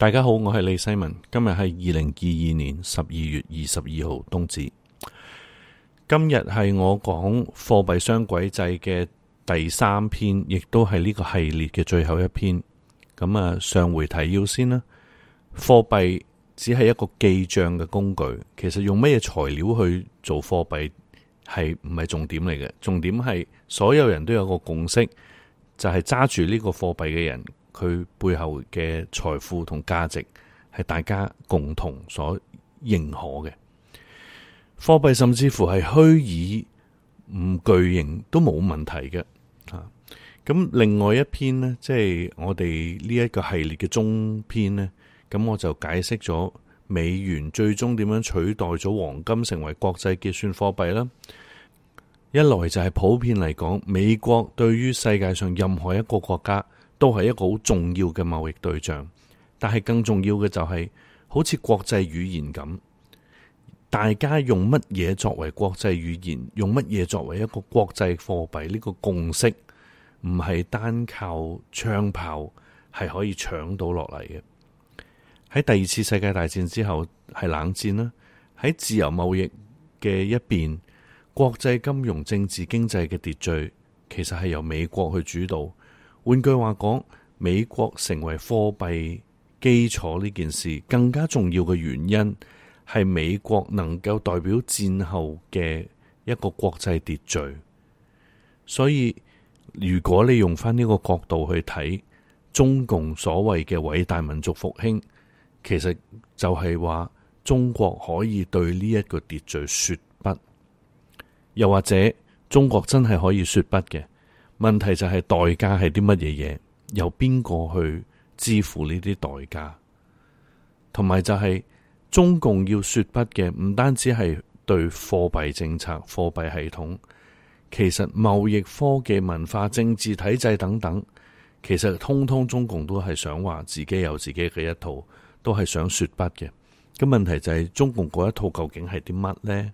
大家好，我係李西文。今日係二零二二年十二月二十二號冬至。今日係我講貨幣雙軌制嘅第三篇，亦都係呢個系列嘅最後一篇。咁啊，上回提要先啦。貨幣只係一個記賬嘅工具，其實用咩材料去做貨幣係唔係重點嚟嘅。重點係所有人都有個共識，就係揸住呢個貨幣嘅人。佢背後嘅財富同價值係大家共同所認可嘅貨幣，甚至乎係虛擬唔具型都冇問題嘅吓。咁另外一篇呢，即係我哋呢一個系列嘅中篇呢，咁我就解釋咗美元最終點樣取代咗黃金成為國際結算貨幣啦。一來就係普遍嚟講，美國對於世界上任何一個國家。都係一個好重要嘅貿易對象，但係更重要嘅就係、是、好似國際語言咁，大家用乜嘢作為國際語言，用乜嘢作為一個國際貨幣呢個共識，唔係單靠槍炮係可以搶到落嚟嘅。喺第二次世界大戰之後係冷戰啦，喺自由貿易嘅一邊，國際金融、政治、經濟嘅秩序其實係由美國去主導。換句話講，美國成為貨幣基礎呢件事更加重要嘅原因係美國能夠代表戰後嘅一個國際秩序。所以如果你用翻呢個角度去睇，中共所謂嘅偉大民族復興，其實就係話中國可以對呢一個秩序說不，又或者中國真係可以說不嘅。問題就係代價係啲乜嘢嘢，由邊個去支付呢啲代價？同埋就係、是、中共要說不嘅，唔單止係對貨幣政策、貨幣系統，其實貿易、科技、文化、政治體制等等，其實通通中共都係想話自己有自己嘅一套，都係想說不嘅。咁問題就係、是、中共嗰一套究竟係啲乜呢？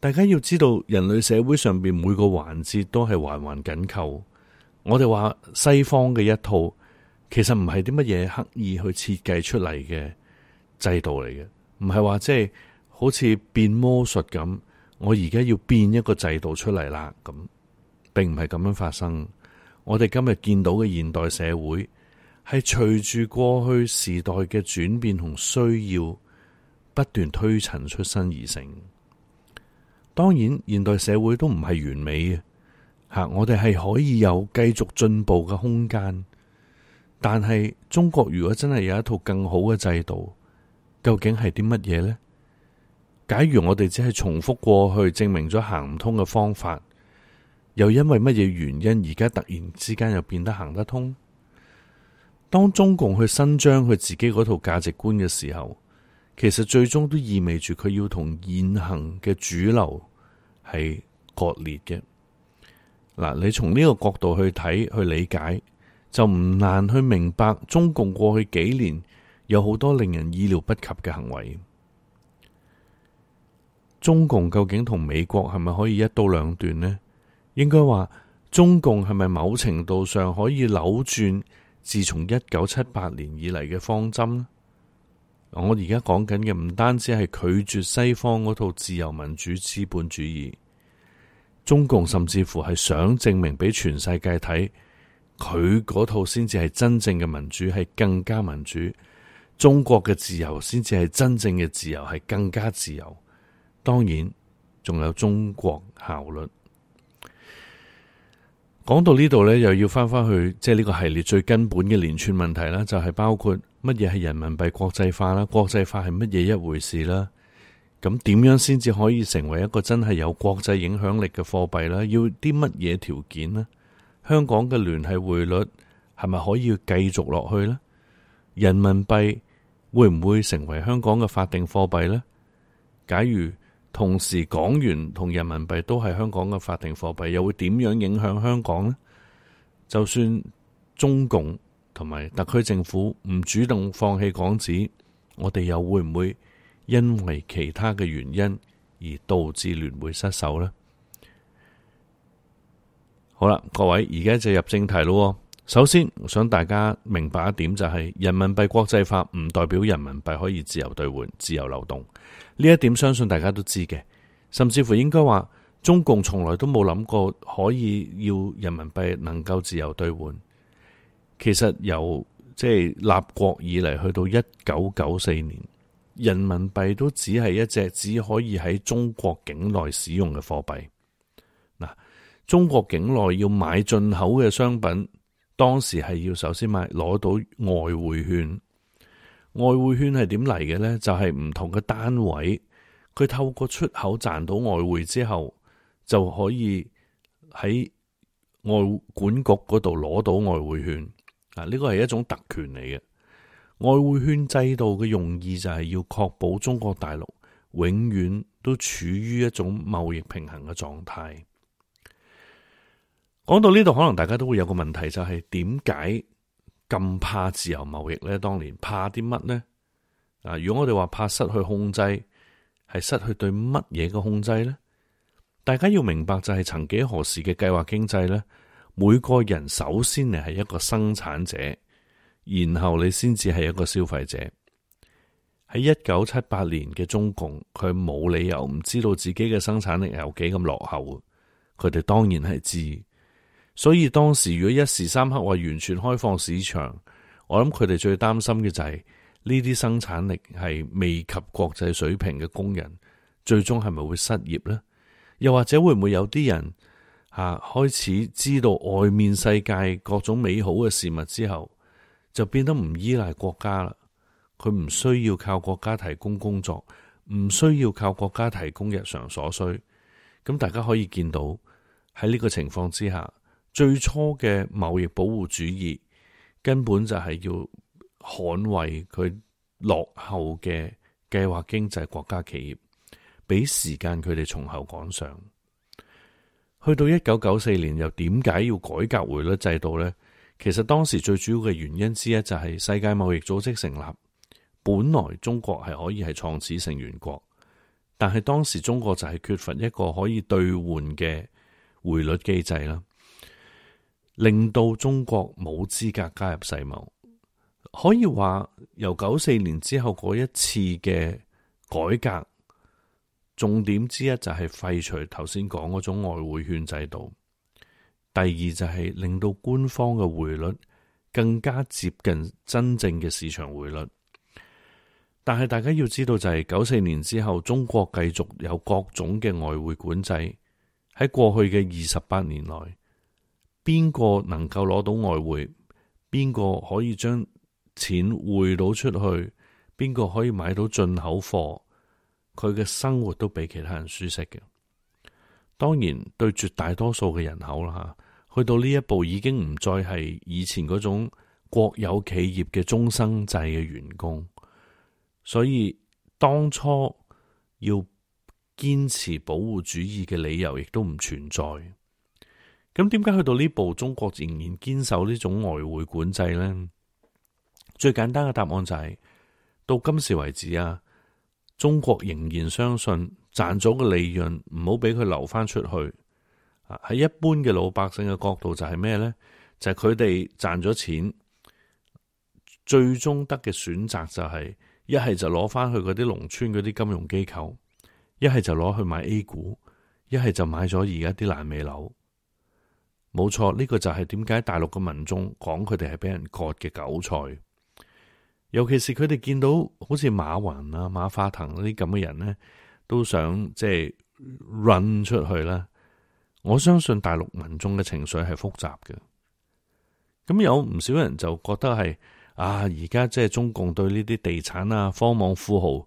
大家要知道，人類社會上邊每個環節都係環環緊扣。我哋話西方嘅一套，其實唔係啲乜嘢刻意去設計出嚟嘅制度嚟嘅，唔係話即係好似變魔術咁，我而家要變一個制度出嚟啦咁，並唔係咁樣發生。我哋今日見到嘅現代社會，係隨住過去時代嘅轉變同需要，不斷推陳出新而成。當然，現代社會都唔係完美嘅，吓我哋係可以有繼續進步嘅空間。但係中國如果真係有一套更好嘅制度，究竟係啲乜嘢呢？假如我哋只係重複過去證明咗行唔通嘅方法，又因為乜嘢原因而家突然之間又變得行得通？當中共去伸張佢自己嗰套價值觀嘅時候，其實最終都意味住佢要同現行嘅主流。係割裂嘅。嗱，你從呢個角度去睇去理解，就唔難去明白中共過去幾年有好多令人意料不及嘅行為。中共究竟同美國係咪可以一刀兩斷呢？應該話中共係咪某程度上可以扭轉自從一九七八年以嚟嘅方針呢？我而家講緊嘅唔單止係拒絕西方嗰套自由民主資本主義，中共甚至乎係想證明俾全世界睇，佢嗰套先至係真正嘅民主，係更加民主；中國嘅自由先至係真正嘅自由，係更加自由。當然，仲有中國效率。講到呢度呢，又要翻翻去，即係呢個系列最根本嘅連串問題啦，就係包括。乜嘢係人民幣國際化啦？國際化係乜嘢一回事啦？咁點樣先至可以成為一個真係有國際影響力嘅貨幣呢？要啲乜嘢條件呢？香港嘅聯繫匯率係咪可以繼續落去呢？人民幣會唔會成為香港嘅法定貨幣呢？假如同時港元同人民幣都係香港嘅法定貨幣，又會點樣影響香港呢？就算中共，同埋特區政府唔主動放棄港紙，我哋又會唔會因為其他嘅原因而導致聯會失守呢？好啦，各位而家就入正題咯。首先，我想大家明白一點就係、是，人民幣國際化唔代表人民幣可以自由兌換、自由流動。呢一點，相信大家都知嘅。甚至乎應該話，中共從來都冇諗過可以要人民幣能夠自由兌換。其實由即係立國以嚟，去到一九九四年，人民幣都只係一隻只可以喺中國境內使用嘅貨幣。嗱，中國境內要買進口嘅商品，當時係要首先買攞到外匯券。外匯券係點嚟嘅呢？就係唔同嘅單位，佢透過出口賺到外匯之後，就可以喺外管局嗰度攞到外匯券。啊！呢個係一種特權嚟嘅，外匯券制度嘅用意就係要確保中國大陸永遠都處於一種貿易平衡嘅狀態。講到呢度，可能大家都會有個問題，就是，就係點解咁怕自由貿易呢？當年怕啲乜呢？啊！如果我哋話怕失去控制，係失去對乜嘢嘅控制呢？大家要明白，就係曾幾何時嘅計劃經濟呢。每個人首先你係一個生產者，然後你先至係一個消費者。喺一九七八年嘅中共，佢冇理由唔知道自己嘅生產力有幾咁落後，佢哋當然係知。所以當時如果一時三刻話完全開放市場，我諗佢哋最擔心嘅就係呢啲生產力係未及國際水平嘅工人，最終係咪會失業呢？又或者會唔會有啲人？啊！開始知道外面世界各種美好嘅事物之後，就變得唔依賴國家啦。佢唔需要靠國家提供工作，唔需要靠國家提供日常所需。咁大家可以見到，喺呢個情況之下，最初嘅貿易保護主義根本就係要捍衛佢落後嘅計劃經濟國家企業，俾時間佢哋從後趕上。去到一九九四年，又點解要改革匯率制度咧？其實當時最主要嘅原因之一就係世界貿易組織成立，本來中國係可以係創始成員國，但係當時中國就係缺乏一個可以兌換嘅匯率機制啦，令到中國冇資格加入世貿。可以話由九四年之後嗰一次嘅改革。重點之一就係廢除頭先講嗰種外匯券制度，第二就係令到官方嘅匯率更加接近真正嘅市場匯率。但係大家要知道、就是，就係九四年之後，中國繼續有各種嘅外匯管制。喺過去嘅二十八年內，邊個能夠攞到外匯，邊個可以將錢匯到出去，邊個可以買到進口貨。佢嘅生活都比其他人舒適嘅，當然對絕大多數嘅人口啦，去到呢一步已經唔再係以前嗰種國有企業嘅終生制嘅員工，所以當初要堅持保護主義嘅理由亦都唔存在。咁點解去到呢步，中國仍然堅守呢種外匯管制呢？最簡單嘅答案就係、是、到今時為止啊！中國仍然相信賺咗嘅利潤唔好俾佢留翻出去。喺一般嘅老百姓嘅角度就係咩呢？就係佢哋賺咗錢，最終得嘅選擇就係一係就攞翻去嗰啲農村嗰啲金融機構，一係就攞去買 A 股，一係就買咗而家啲爛尾樓。冇錯，呢個就係點解大陸嘅民眾講佢哋係俾人割嘅韭菜。尤其是佢哋見到好似馬雲啊、馬化騰呢啲咁嘅人呢，都想即係、就是、run 出去啦。我相信大陸民眾嘅情緒係复雜嘅，咁有唔少人就覺得係啊，而家即係中共對呢啲地產啊、科網富豪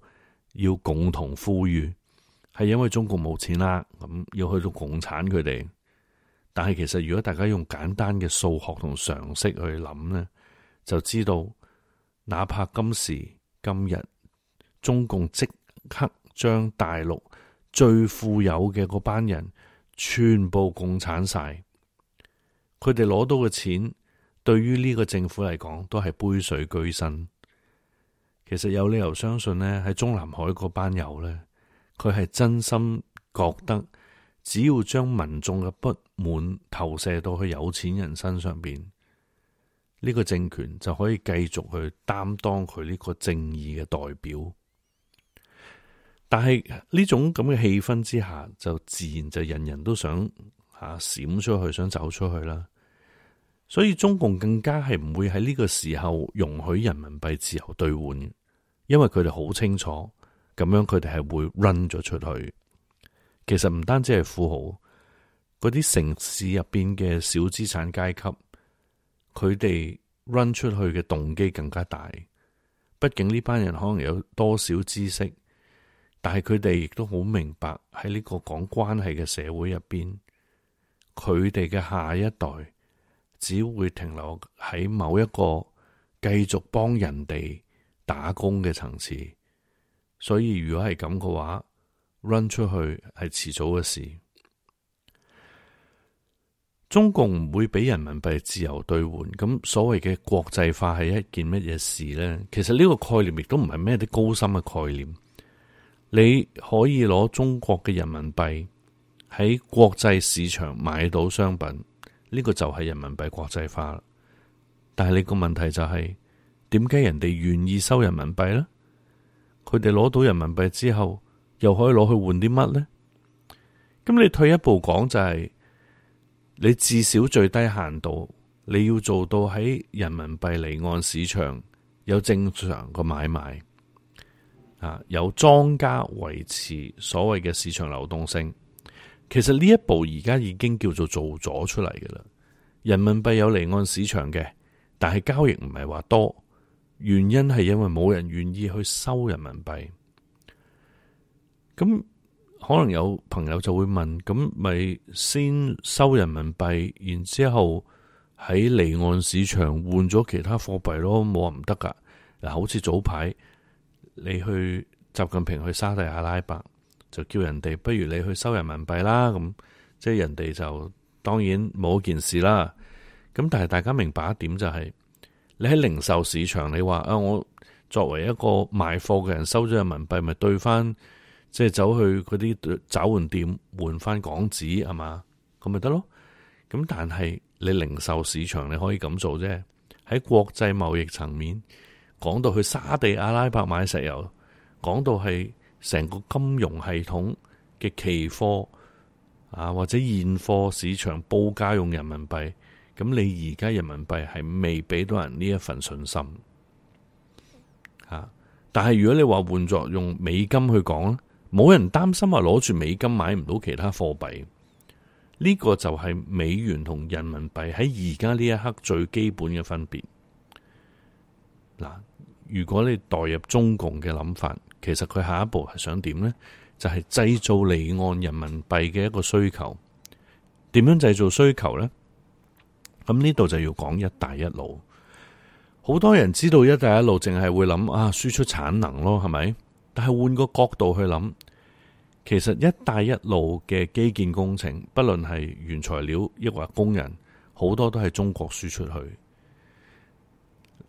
要共同富裕，係因為中共冇錢啦、啊，咁要去到共產佢哋。但係其實如果大家用簡單嘅數學同常識去諗呢，就知道。哪怕今時今日，中共即刻將大陸最富有嘅嗰班人全部共產晒，佢哋攞到嘅錢，對於呢個政府嚟講都係杯水車薪。其實有理由相信呢，喺中南海嗰班友呢，佢係真心覺得，只要將民眾嘅不滿投射到去有錢人身上面。呢個政權就可以繼續去擔當佢呢個正義嘅代表，但係呢種咁嘅氣氛之下，就自然就人人都想吓、啊、閃出去，想走出去啦。所以中共更加係唔會喺呢個時候容許人民幣自由兌換，因為佢哋好清楚，咁樣佢哋係會 run 咗出去。其實唔單止係富豪，嗰啲城市入邊嘅小資產階級，佢哋 run 出去嘅動機更加大，畢竟呢班人可能有多少知識，但係佢哋亦都好明白喺呢個講關係嘅社會入邊，佢哋嘅下一代只會停留喺某一個繼續幫人哋打工嘅層次，所以如果係咁嘅話，run 出去係遲早嘅事。中共唔會俾人民幣自由兌換，咁所謂嘅國際化係一件乜嘢事呢？其實呢個概念亦都唔係咩啲高深嘅概念。你可以攞中國嘅人民幣喺國際市場買到商品，呢個就係人民幣國際化。但係你個問題就係，點解人哋願意收人民幣呢？佢哋攞到人民幣之後，又可以攞去換啲乜呢？咁你退一步講就係。你至少最低限度，你要做到喺人民幣離岸市場有正常嘅買賣，啊，有莊家維持所謂嘅市場流動性。其實呢一步而家已經叫做做咗出嚟嘅啦。人民幣有離岸市場嘅，但係交易唔係話多，原因係因為冇人願意去收人民幣。咁可能有朋友就會問，咁咪先收人民幣，然之後喺離岸市場換咗其他貨幣咯，冇話唔得㗎。嗱，好似早排你去習近平去沙特阿拉伯，就叫人哋不如你去收人民幣啦，咁即係人哋就當然冇件事啦。咁但係大家明白一點就係、是，你喺零售市場，你話啊，我作為一個賣貨嘅人，收咗人民幣咪兌返。即係走去嗰啲找換店換翻港紙係嘛，咁咪得咯？咁但係你零售市場，你可以咁做啫。喺國際貿易層面，講到去沙地阿拉伯買石油，講到係成個金融系統嘅期貨啊，或者現貨市場報價用人民幣，咁你而家人民幣係未俾到人呢一份信心。吓、啊，但係如果你話換作用美金去講咧。冇人擔心話攞住美金買唔到其他貨幣，呢個就係美元同人民幣喺而家呢一刻最基本嘅分別。嗱，如果你代入中共嘅諗法，其實佢下一步係想點呢？就係製造離岸人民幣嘅一個需求。點樣製造需求呢？咁呢度就要講一帶一路。好多人知道一帶一路，淨係會諗啊，輸出產能咯，係咪？但係換個角度去諗，其實一帶一路嘅基建工程，不論係原材料抑或工人，好多都係中國輸出去。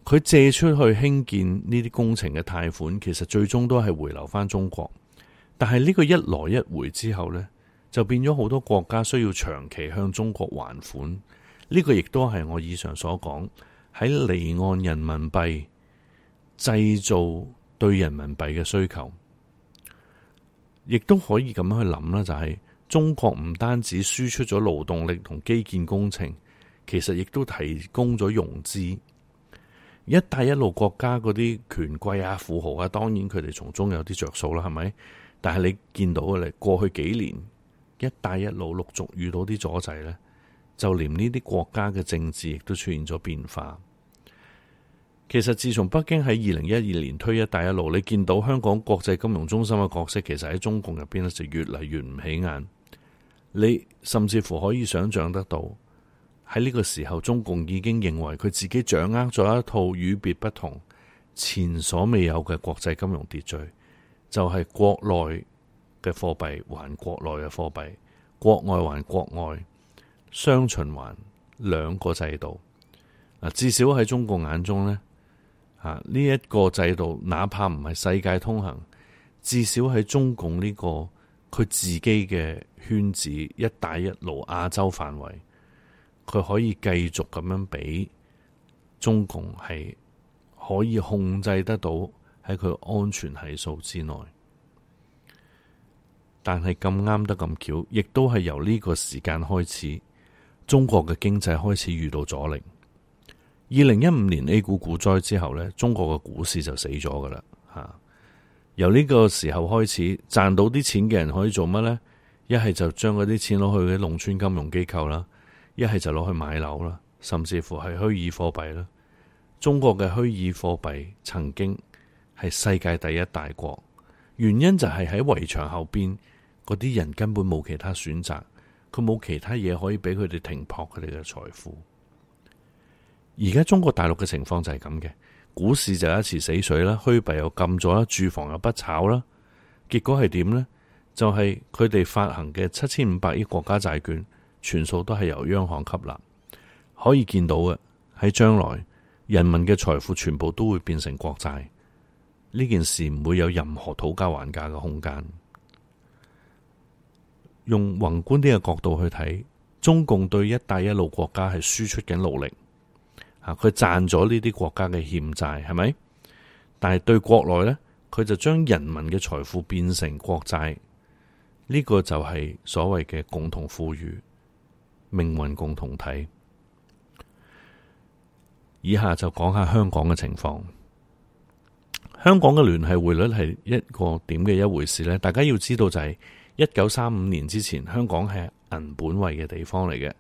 佢借出去興建呢啲工程嘅貸款，其實最終都係回流翻中國。但係呢個一來一回之後呢，就變咗好多國家需要長期向中國還款。呢個亦都係我以上所講喺離岸人民幣製造。對人民幣嘅需求，亦都可以咁樣去諗啦，就係中國唔單止輸出咗勞動力同基建工程，其實亦都提供咗融資。一帶一路國家嗰啲權貴啊、富豪啊，當然佢哋從中有啲着數啦，係咪？但係你見到嘅，你過去幾年一帶一路陸續遇到啲阻滯咧，就連呢啲國家嘅政治亦都出現咗變化。其實自從北京喺二零一二年推一帶一路，你見到香港國際金融中心嘅角色，其實喺中共入邊咧就越嚟越唔起眼。你甚至乎可以想象得到，喺呢個時候中共已經認為佢自己掌握咗一套與別不同、前所未有嘅國際金融秩序，就係國內嘅貨幣還國內嘅貨幣，國外還國外，雙循環兩個制度。嗱，至少喺中共眼中呢。呢一個制度，哪怕唔係世界通行，至少喺中共呢、這個佢自己嘅圈子，一帶一路亞洲範圍，佢可以繼續咁樣俾中共係可以控制得到喺佢安全係數之內。但係咁啱得咁巧，亦都係由呢個時間開始，中國嘅經濟開始遇到阻力。二零一五年 A 股股災之後咧，中國嘅股市就死咗噶啦。吓，由呢個時候開始，賺到啲錢嘅人可以做乜咧？一係就將嗰啲錢攞去啲農村金融機構啦，一係就攞去買樓啦，甚至乎係虛擬貨幣啦。中國嘅虛擬貨幣曾經係世界第一大國，原因就係喺圍牆後邊嗰啲人根本冇其他選擇，佢冇其他嘢可以俾佢哋停泊佢哋嘅財富。而家中國大陸嘅情況就係咁嘅，股市就一池死水啦，虛幣又禁咗啦，住房又不炒啦，結果係點呢？就係佢哋發行嘅七千五百億國家債券，全數都係由央行吸納。可以見到嘅，喺將來，人民嘅財富全部都會變成國債。呢件事唔會有任何討價還價嘅空間。用宏觀啲嘅角度去睇，中共對一帶一路國家係輸出緊努力。啊！佢賺咗呢啲國家嘅欠債，係咪？但係對國內呢，佢就將人民嘅財富變成國債，呢個就係所謂嘅共同富裕、命運共同體。以下就講下香港嘅情況。香港嘅聯繫匯率係一個點嘅一回事呢？大家要知道就係一九三五年之前，香港係銀本位嘅地方嚟嘅，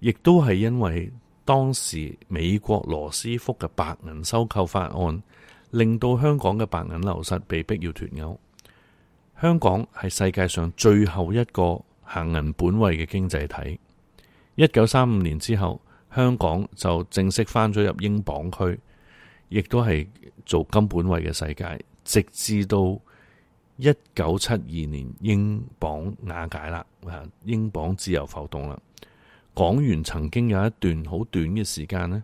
亦都係因為。當時美國羅斯福嘅白銀收購法案，令到香港嘅白銀流失，被逼要脫鈎。香港係世界上最後一個行銀本位嘅經濟體。一九三五年之後，香港就正式返咗入英鎊區，亦都係做金本位嘅世界，直至到一九七二年英鎊瓦解啦，啊，英鎊自由浮動啦。港元曾經有一段好短嘅時間呢，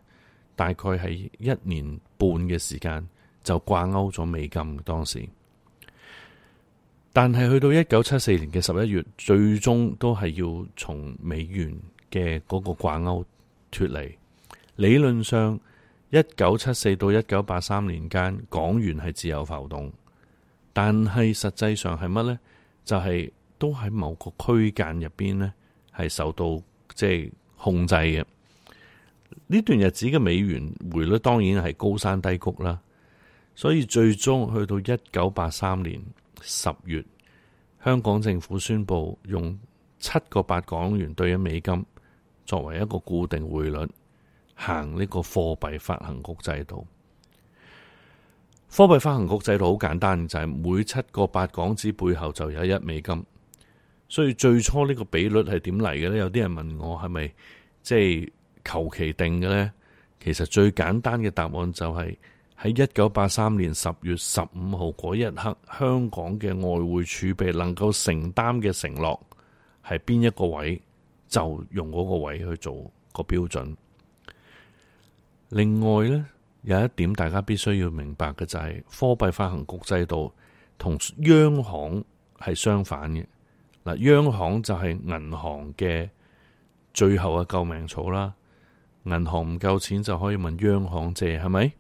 大概係一年半嘅時間就掛鈎咗美金。當時，但係去到一九七四年嘅十一月，最終都係要從美元嘅嗰個掛鈎脱離。理論上，一九七四到一九八三年間，港元係自由浮動，但係實際上係乜呢？就係、是、都喺某個區間入邊呢，係受到。即係控制嘅呢段日子嘅美元匯率，當然係高山低谷啦。所以最終去到一九八三年十月，香港政府宣布用七個八港元兌一美金，作為一個固定匯率行呢個貨幣發行局制度。貨幣發行局制度好簡單，就係每七個八港紙背後就有一美金。所以最初呢個比率係點嚟嘅咧？有啲人問我係咪即係求其定嘅咧？其實最簡單嘅答案就係喺一九八三年十月十五號嗰一刻，香港嘅外匯儲備能夠承擔嘅承諾，係邊一個位，就用嗰個位去做個標準。另外咧，有一點大家必須要明白嘅就係、是、貨幣發行局制度同央行係相反嘅。嗱，央行就係銀行嘅最後嘅救命草啦。銀行唔夠錢就可以問央行借，係咪？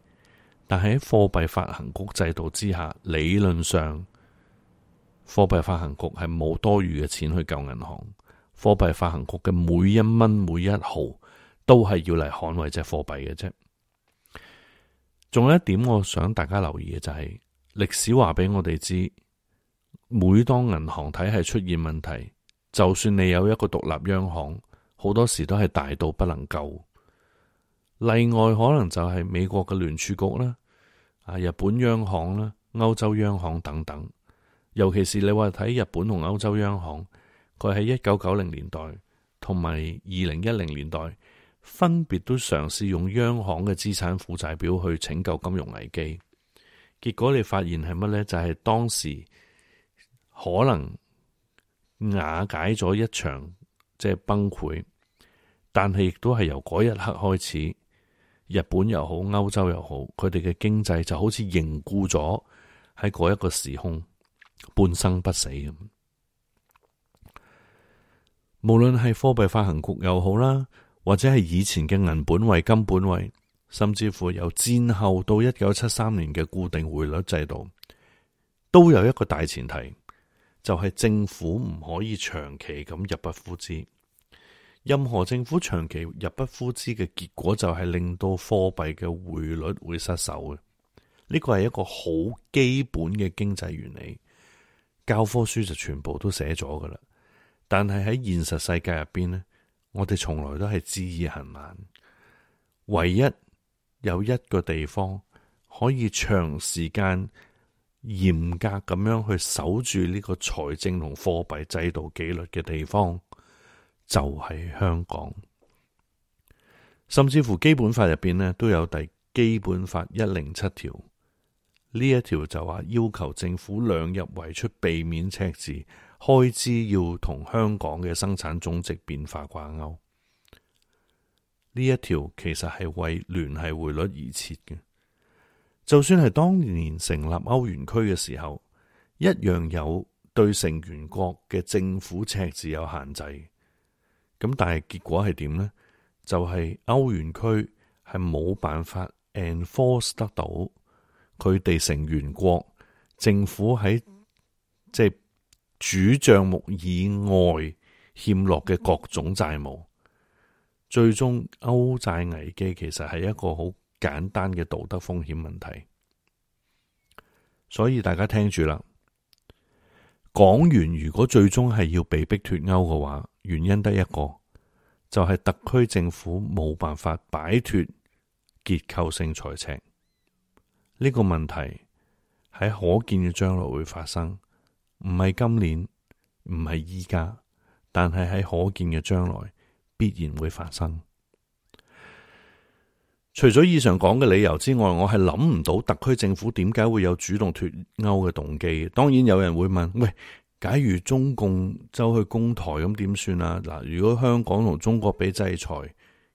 但係喺貨幣發行局制度之下，理論上貨幣發行局係冇多餘嘅錢去救銀行。貨幣發行局嘅每一蚊每一毫都係要嚟捍衛隻貨幣嘅啫。仲有一點，我想大家留意嘅就係、是、歷史話俾我哋知。每當銀行體系出現問題，就算你有一個獨立央行，好多時都係大到不能救。例外可能就係美國嘅聯儲局啦，啊，日本央行啦，歐洲央行等等。尤其是你話睇日本同歐洲央行，佢喺一九九零年代同埋二零一零年代分別都嘗試用央行嘅資產負債表去拯救金融危機，結果你發現係乜咧？就係當時。可能瓦解咗一場即係、就是、崩潰，但係亦都係由嗰一刻開始，日本又好，歐洲又好，佢哋嘅經濟就好似凝固咗喺嗰一個時空，半生不死咁。無論係貨幣發行局又好啦，或者係以前嘅銀本位、金本位，甚至乎由戰後到一九七三年嘅固定匯率制度，都有一個大前提。就係政府唔可以長期咁入不敷支，任何政府長期入不敷支嘅結果就係令到貨幣嘅匯率會失守嘅，呢個係一個好基本嘅經濟原理，教科書就全部都寫咗噶啦。但係喺現實世界入邊呢，我哋從來都係知易行難，唯一有一個地方可以長時間。嚴格咁樣去守住呢個財政同貨幣制度紀律嘅地方，就係、是、香港。甚至乎基本法入邊咧都有第基本法一零七條，呢一條就話要求政府量入為出，避免赤字，開支要同香港嘅生產總值變化掛鈎。呢一條其實係為聯繫匯率而設嘅。就算係當年成立歐元區嘅時候，一樣有對成員國嘅政府赤字有限制。咁但係結果係點呢？就係歐元區係冇辦法 enforce 得到佢哋成員國政府喺即係主賬目以外欠落嘅各種債務。最終歐債危機其實係一個好。簡單嘅道德風險問題，所以大家聽住啦。港元如果最終係要被迫脫鈎嘅話，原因得一個，就係、是、特區政府冇辦法擺脫結構性財赤呢、這個問題，喺可見嘅將來會發生，唔係今年，唔係依家，但係喺可見嘅將來必然會發生。除咗以上講嘅理由之外，我係諗唔到特區政府點解會有主動脫鈎嘅動機。當然有人會問：喂，假如中共走去攻台咁點算啊？嗱，如果香港同中國俾制裁，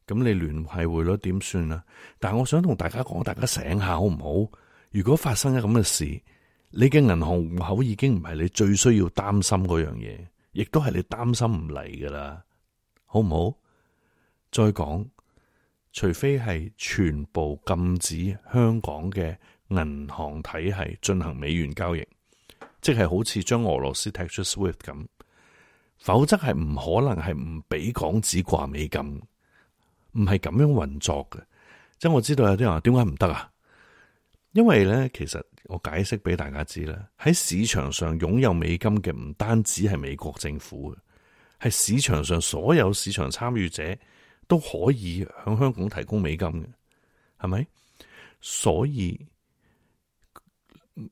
咁你聯繫匯率點算啊？但係我想同大家講，大家醒下好唔好？如果發生咗咁嘅事，你嘅銀行戶口已經唔係你最需要擔心嗰樣嘢，亦都係你擔心唔嚟噶啦，好唔好？再講。除非係全部禁止香港嘅銀行體系進行美元交易，即係好似將俄羅斯踢出 SWIFT 咁，否則係唔可能係唔俾港紙掛美金，唔係咁樣運作嘅。即係我知道有啲人話，點解唔得啊？因為咧，其實我解釋俾大家知啦，喺市場上擁有美金嘅唔單止係美國政府，係市場上所有市場參與者。都可以向香港提供美金嘅，係咪？所以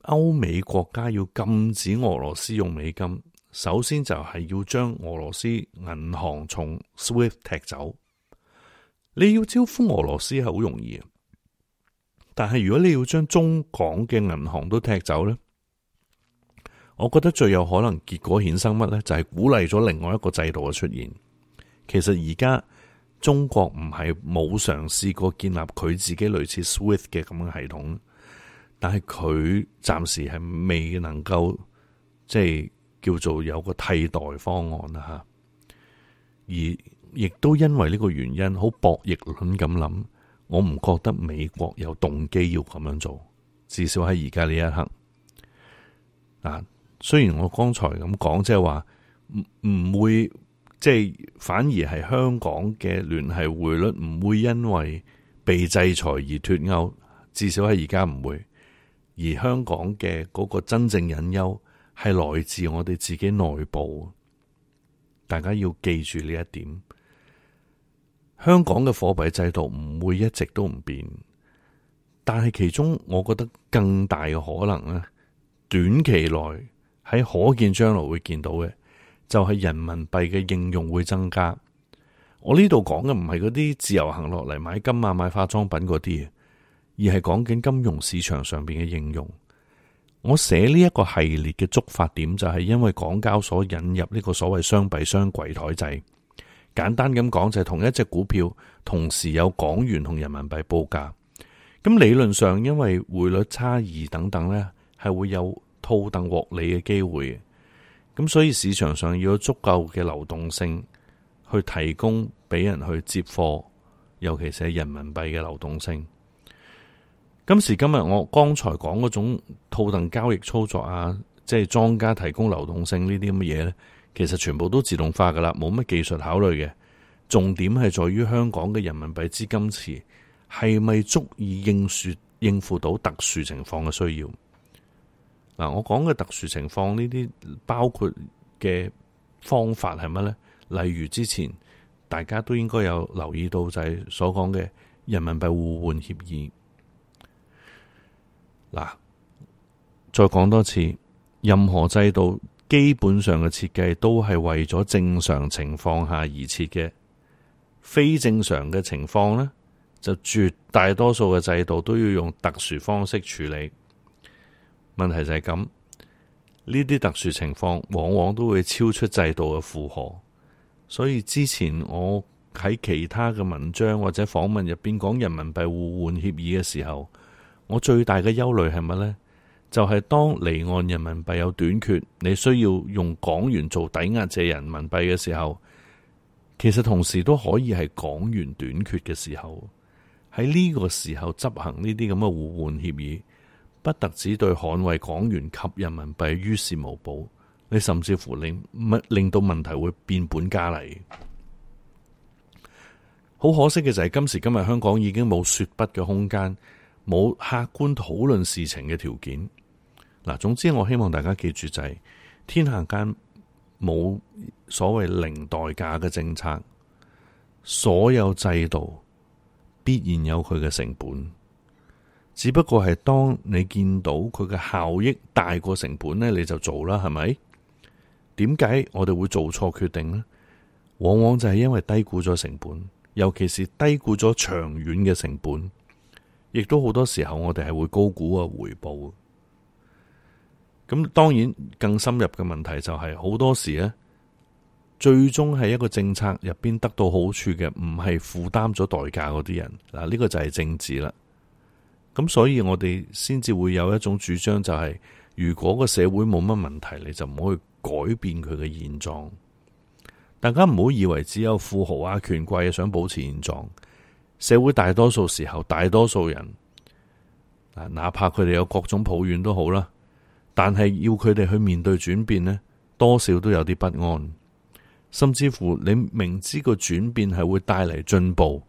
歐美國家要禁止俄羅斯用美金，首先就係要將俄羅斯銀行從 SWIFT 踢走。你要招呼俄羅斯係好容易，但係如果你要將中港嘅銀行都踢走咧，我覺得最有可能結果衍生乜咧？就係鼓勵咗另外一個制度嘅出現。其實而家。中國唔係冇嘗試過建立佢自己類似 SWIFT 嘅咁樣系統，但係佢暫時係未能夠即係叫做有個替代方案啦吓、啊。而亦都因為呢個原因，好博弈論咁諗，我唔覺得美國有動機要咁樣做。至少喺而家呢一刻，嗱、啊，雖然我剛才咁講，即係話唔唔會。即係反而係香港嘅聯繫匯率唔會因為被制裁而脫歐，至少喺而家唔會。而香港嘅嗰個真正隱憂係來自我哋自己內部，大家要記住呢一點。香港嘅貨幣制度唔會一直都唔變，但係其中我覺得更大嘅可能咧，短期內喺可見將來會見到嘅。就係人民幣嘅應用會增加。我呢度講嘅唔係嗰啲自由行落嚟買金啊、買化妝品嗰啲，而係講緊金融市場上邊嘅應用。我寫呢一個系列嘅觸發點就係因為港交所引入呢個所謂雙幣雙櫃台制，簡單咁講就係同一隻股票同時有港元同人民幣報價。咁理論上因為匯率差異等等呢，係會有套戥獲利嘅機會。咁所以市場上要有足夠嘅流動性，去提供俾人去接貨，尤其是人民幣嘅流動性。今時今日，我剛才講嗰種套戥交易操作啊，即係莊家提供流動性呢啲咁嘅嘢咧，其實全部都自動化噶啦，冇乜技術考慮嘅。重點係在於香港嘅人民幣資金池係咪足以應說應付到特殊情況嘅需要？嗱，我講嘅特殊情況呢啲包括嘅方法係乜呢？例如之前大家都應該有留意到就係所講嘅人民幣互換協議。嗱，再講多次，任何制度基本上嘅設計都係為咗正常情況下而設嘅，非正常嘅情況呢，就絕大多數嘅制度都要用特殊方式處理。問題就係咁，呢啲特殊情況往往都會超出制度嘅負荷，所以之前我喺其他嘅文章或者訪問入邊講人民幣互換協議嘅時候，我最大嘅憂慮係乜呢？就係當離岸人民幣有短缺，你需要用港元做抵押借人民幣嘅時候，其實同時都可以係港元短缺嘅時候，喺呢個時候執行呢啲咁嘅互換協議。不特止對捍衛港元及人民幣於事無補，你甚至乎令令到問題會變本加厲。好可惜嘅就係今時今日香港已經冇說不嘅空間，冇客觀討論事情嘅條件。嗱，總之我希望大家記住就係天下間冇所謂零代價嘅政策，所有制度必然有佢嘅成本。只不過係當你見到佢嘅效益大過成本呢，你就做啦，係咪？點解我哋會做錯決定呢？往往就係因為低估咗成本，尤其是低估咗長遠嘅成本，亦都好多時候我哋係會高估啊回報。咁當然更深入嘅問題就係好多時咧，最終係一個政策入邊得到好處嘅，唔係負擔咗代價嗰啲人嗱，呢個就係政治啦。咁所以，我哋先至會有一種主張，就是，就係如果個社會冇乜問題，你就唔好去改變佢嘅現狀。大家唔好以為只有富豪啊、權貴想保持現狀，社會大多數時候，大多數人哪怕佢哋有各種抱怨都好啦，但係要佢哋去面對轉變呢，多少都有啲不安，甚至乎你明知個轉變係會帶嚟進步，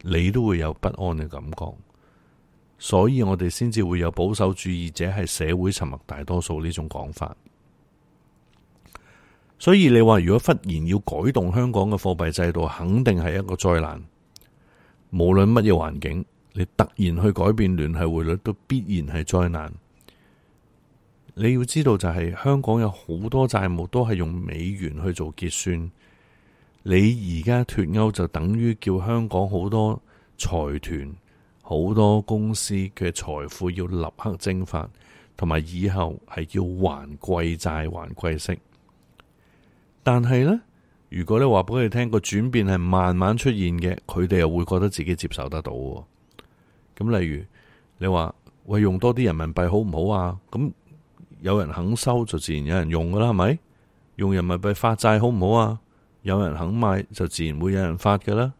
你都會有不安嘅感覺。所以我哋先至會有保守主義者係社會沉默大多數呢種講法。所以你話如果忽然要改動香港嘅貨幣制度，肯定係一個災難。無論乜嘢環境，你突然去改變聯繫匯率，都必然係災難。你要知道就係、是、香港有好多債務都係用美元去做結算。你而家脫歐就等於叫香港好多財團。好多公司嘅財富要立刻蒸發，同埋以後係要還貴債還貴息。但係呢，如果你話俾佢哋聽個轉變係慢慢出現嘅，佢哋又會覺得自己接受得到。咁例如你話喂，用多啲人民幣好唔好啊？咁有人肯收就自然有人用噶啦，係咪？用人民幣發債好唔好啊？有人肯買就自然會有人發噶啦。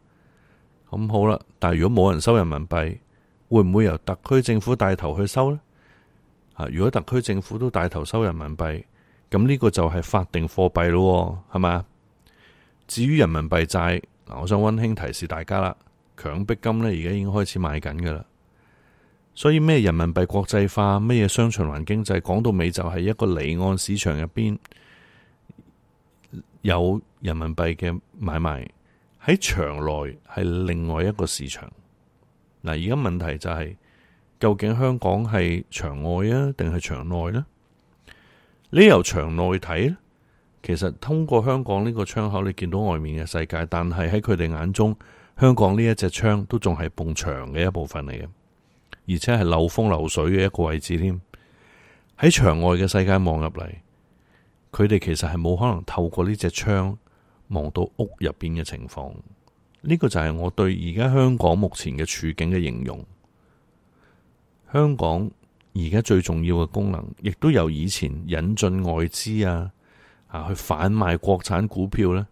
咁好啦，但係如果冇人收人民幣，會唔會由特區政府帶頭去收呢？如果特區政府都帶頭收人民幣，咁呢個就係法定貨幣咯，係咪？至於人民幣債，嗱，我想溫馨提示大家啦，強迫金呢而家已經開始買緊噶啦，所以咩人民幣國際化，咩嘢雙循環經濟就係講到尾就係一個離岸市場入邊有人民幣嘅買賣。喺牆內係另外一個市場。嗱，而家問題就係、是、究竟香港係牆外啊，定係牆內呢？你由牆內睇咧，其實通過香港呢個窗口，你見到外面嘅世界。但係喺佢哋眼中，香港呢一隻窗都仲係碰牆嘅一部分嚟嘅，而且係漏風漏水嘅一個位置添。喺牆外嘅世界望入嚟，佢哋其實係冇可能透過呢隻窗，望到屋入邊嘅情況，呢個就係我對而家香港目前嘅處境嘅形容。香港而家最重要嘅功能，亦都由以前引進外資啊，啊去販賣國產股票咧，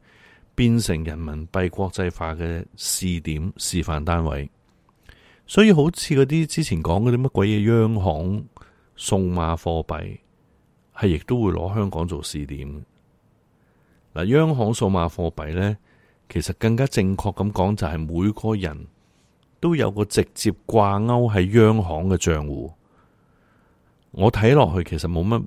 變成人民幣國際化嘅試點示範單位。所以好似嗰啲之前講嗰啲乜鬼嘢央行數碼貨幣，係亦都會攞香港做試點。嗱，央行數碼貨幣呢，其實更加正確咁講，就係每個人都有個直接掛鈎喺央行嘅賬戶。我睇落去其實冇乜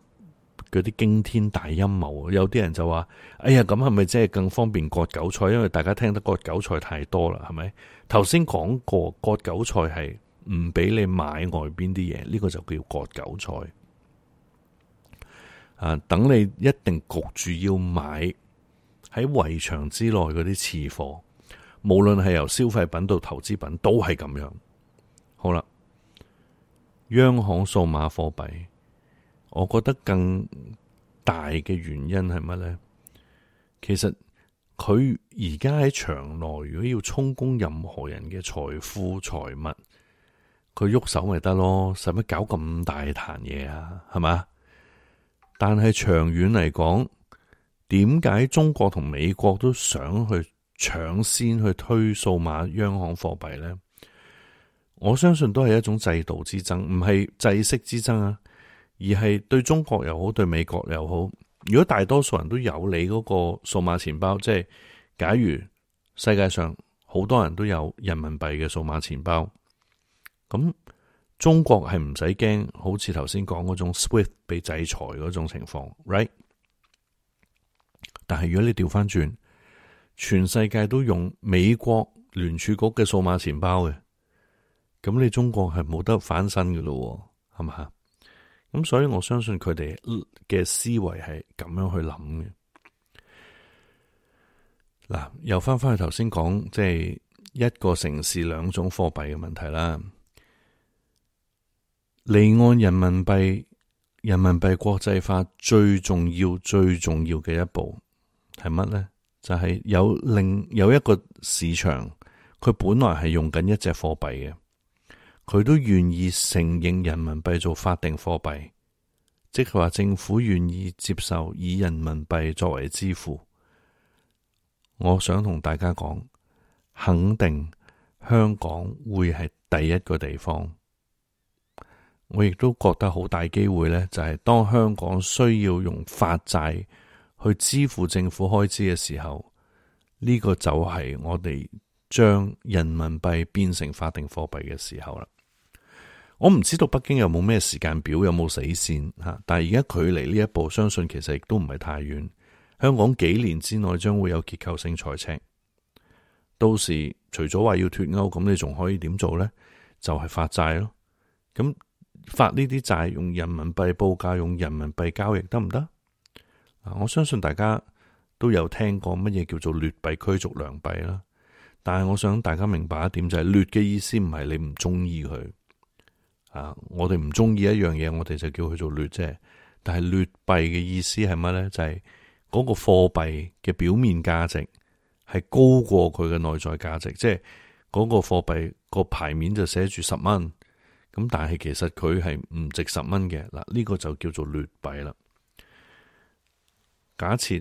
嗰啲驚天大陰謀。有啲人就話：哎呀，咁係咪即係更方便割韭菜？因為大家聽得割韭菜太多啦，係咪？頭先講過割韭菜係唔俾你買外邊啲嘢，呢個就叫割韭菜。啊，等你一定焗住要買。喺圍牆之內嗰啲次貨，無論係由消費品到投資品，都係咁樣。好啦，央行數碼貨幣，我覺得更大嘅原因係乜呢？其實佢而家喺牆內，如果要充公任何人嘅財富財物，佢喐手咪得咯，使乜搞咁大壇嘢啊？係嘛？但係長遠嚟講。點解中國同美國都想去搶先去推數碼央行貨幣呢？我相信都係一種制度之爭，唔係制式之爭啊，而係對中國又好，對美國又好。如果大多數人都有你嗰個數碼錢包，即係假如世界上好多人都有人民幣嘅數碼錢包，咁中國係唔使驚，好似頭先講嗰種 SWIFT 被制裁嗰種情況，right？但係，如果你調翻轉，全世界都用美國聯儲局嘅數碼錢包嘅，咁你中國係冇得翻身嘅咯，係咪？咁所以我相信佢哋嘅思維係咁樣去諗嘅嗱。又翻翻去頭先講，即係一個城市兩種貨幣嘅問題啦。離岸人民幣，人民幣國際化最重要、最重要嘅一步。係乜呢？就係、是、有另有一個市場，佢本來係用緊一隻貨幣嘅，佢都願意承認人民幣做法定貨幣，即係話政府願意接受以人民幣作為支付。我想同大家講，肯定香港會係第一個地方。我亦都覺得好大機會呢，就係當香港需要用發債。去支付政府開支嘅時候，呢個就係我哋將人民幣變成法定貨幣嘅時候啦。我唔知道北京有冇咩時間表，有冇死線吓，但係而家距離呢一步，相信其實亦都唔係太遠。香港幾年之內將會有結構性財赤，到時除咗話要脫歐，咁你仲可以點做咧？就係發債咯。咁發呢啲債用人民幣報價，用人民幣交易得唔得？行我相信大家都有聽過乜嘢叫做劣幣驅逐良幣啦，但係我想大家明白一點，就係劣嘅意思唔係你唔中意佢啊，我哋唔中意一樣嘢，我哋就叫佢做劣啫。但係劣幣嘅意思係乜呢？就係嗰個貨幣嘅表面價值係高過佢嘅內在價值，即係嗰個貨幣個牌面就寫住十蚊，咁但係其實佢係唔值十蚊嘅。嗱，呢個就叫做劣幣啦。假設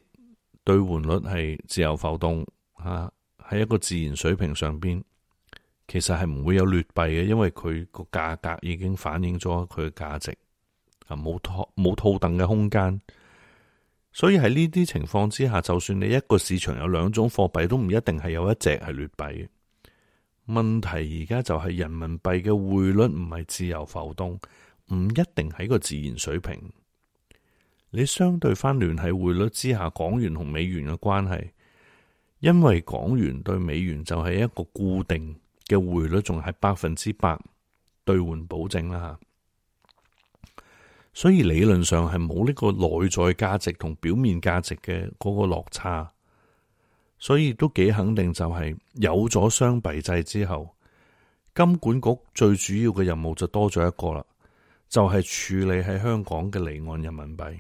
兌換率係自由浮動，吓喺一個自然水平上邊，其實係唔會有劣幣嘅，因為佢個價格已經反映咗佢嘅價值，啊冇套冇套戥嘅空間。所以喺呢啲情況之下，就算你一個市場有兩種貨幣，都唔一定係有一隻係劣幣。問題而家就係人民幣嘅匯率唔係自由浮動，唔一定喺個自然水平。你相對翻聯繫匯率之下，港元同美元嘅關係，因為港元對美元就係一個固定嘅匯率，仲係百分之百兌換保證啦。所以理論上係冇呢個內在價值同表面價值嘅嗰個落差，所以都幾肯定就係有咗雙幣制之後，金管局最主要嘅任務就多咗一個啦，就係、是、處理喺香港嘅離岸人民幣。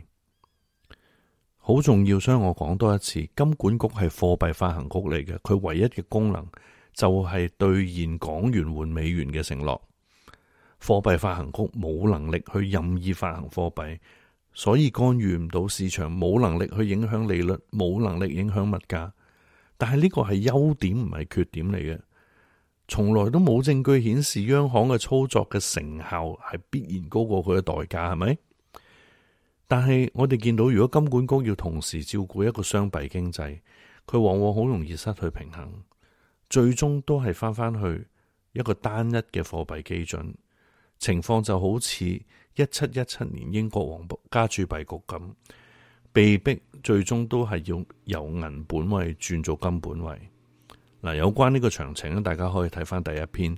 好重要，所以我講多一次，金管局係貨幣發行局嚟嘅，佢唯一嘅功能就係兌現港元換美元嘅承諾。貨幣發行局冇能力去任意發行貨幣，所以干預唔到市場，冇能力去影響利率，冇能力影響物價。但係呢個係優點，唔係缺點嚟嘅。從來都冇證據顯示央行嘅操作嘅成效係必然高過佢嘅代價，係咪？但係我哋見到，如果金管局要同時照顧一個雙幣經濟，佢往往好容易失去平衡，最終都係翻翻去一個單一嘅貨幣基準。情況就好似一七一七年英國皇家鑄幣局咁，被逼最終都係要由銀本位轉做金本位。嗱、啊，有關呢個詳情，大家可以睇翻第一篇。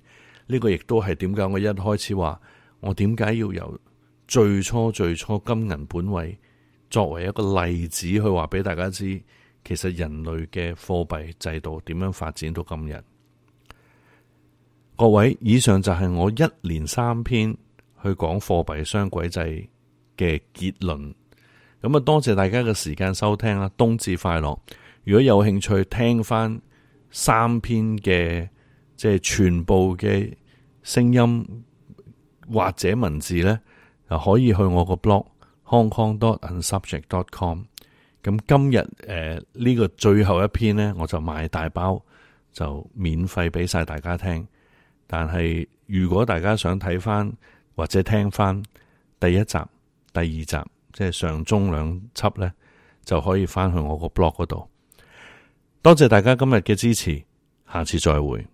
呢個亦都係點解我一開始話我點解要由最初最初，金銀本位作為一個例子，去話俾大家知，其實人類嘅貨幣制度點樣發展到今日。各位，以上就係我一連三篇去講貨幣雙軌制嘅結論。咁啊，多謝大家嘅時間收聽啦。冬至快樂！如果有興趣聽翻三篇嘅，即係全部嘅聲音或者文字咧。可以去我個 blog，hongkong.dot.onsubject.dot.com。咁今日誒呢個最後一篇呢，我就賣大包，就免費俾晒大家聽。但係如果大家想睇翻或者聽翻第一集、第二集，即係上中兩輯呢，就可以翻去我個 blog 度。多謝大家今日嘅支持，下次再會。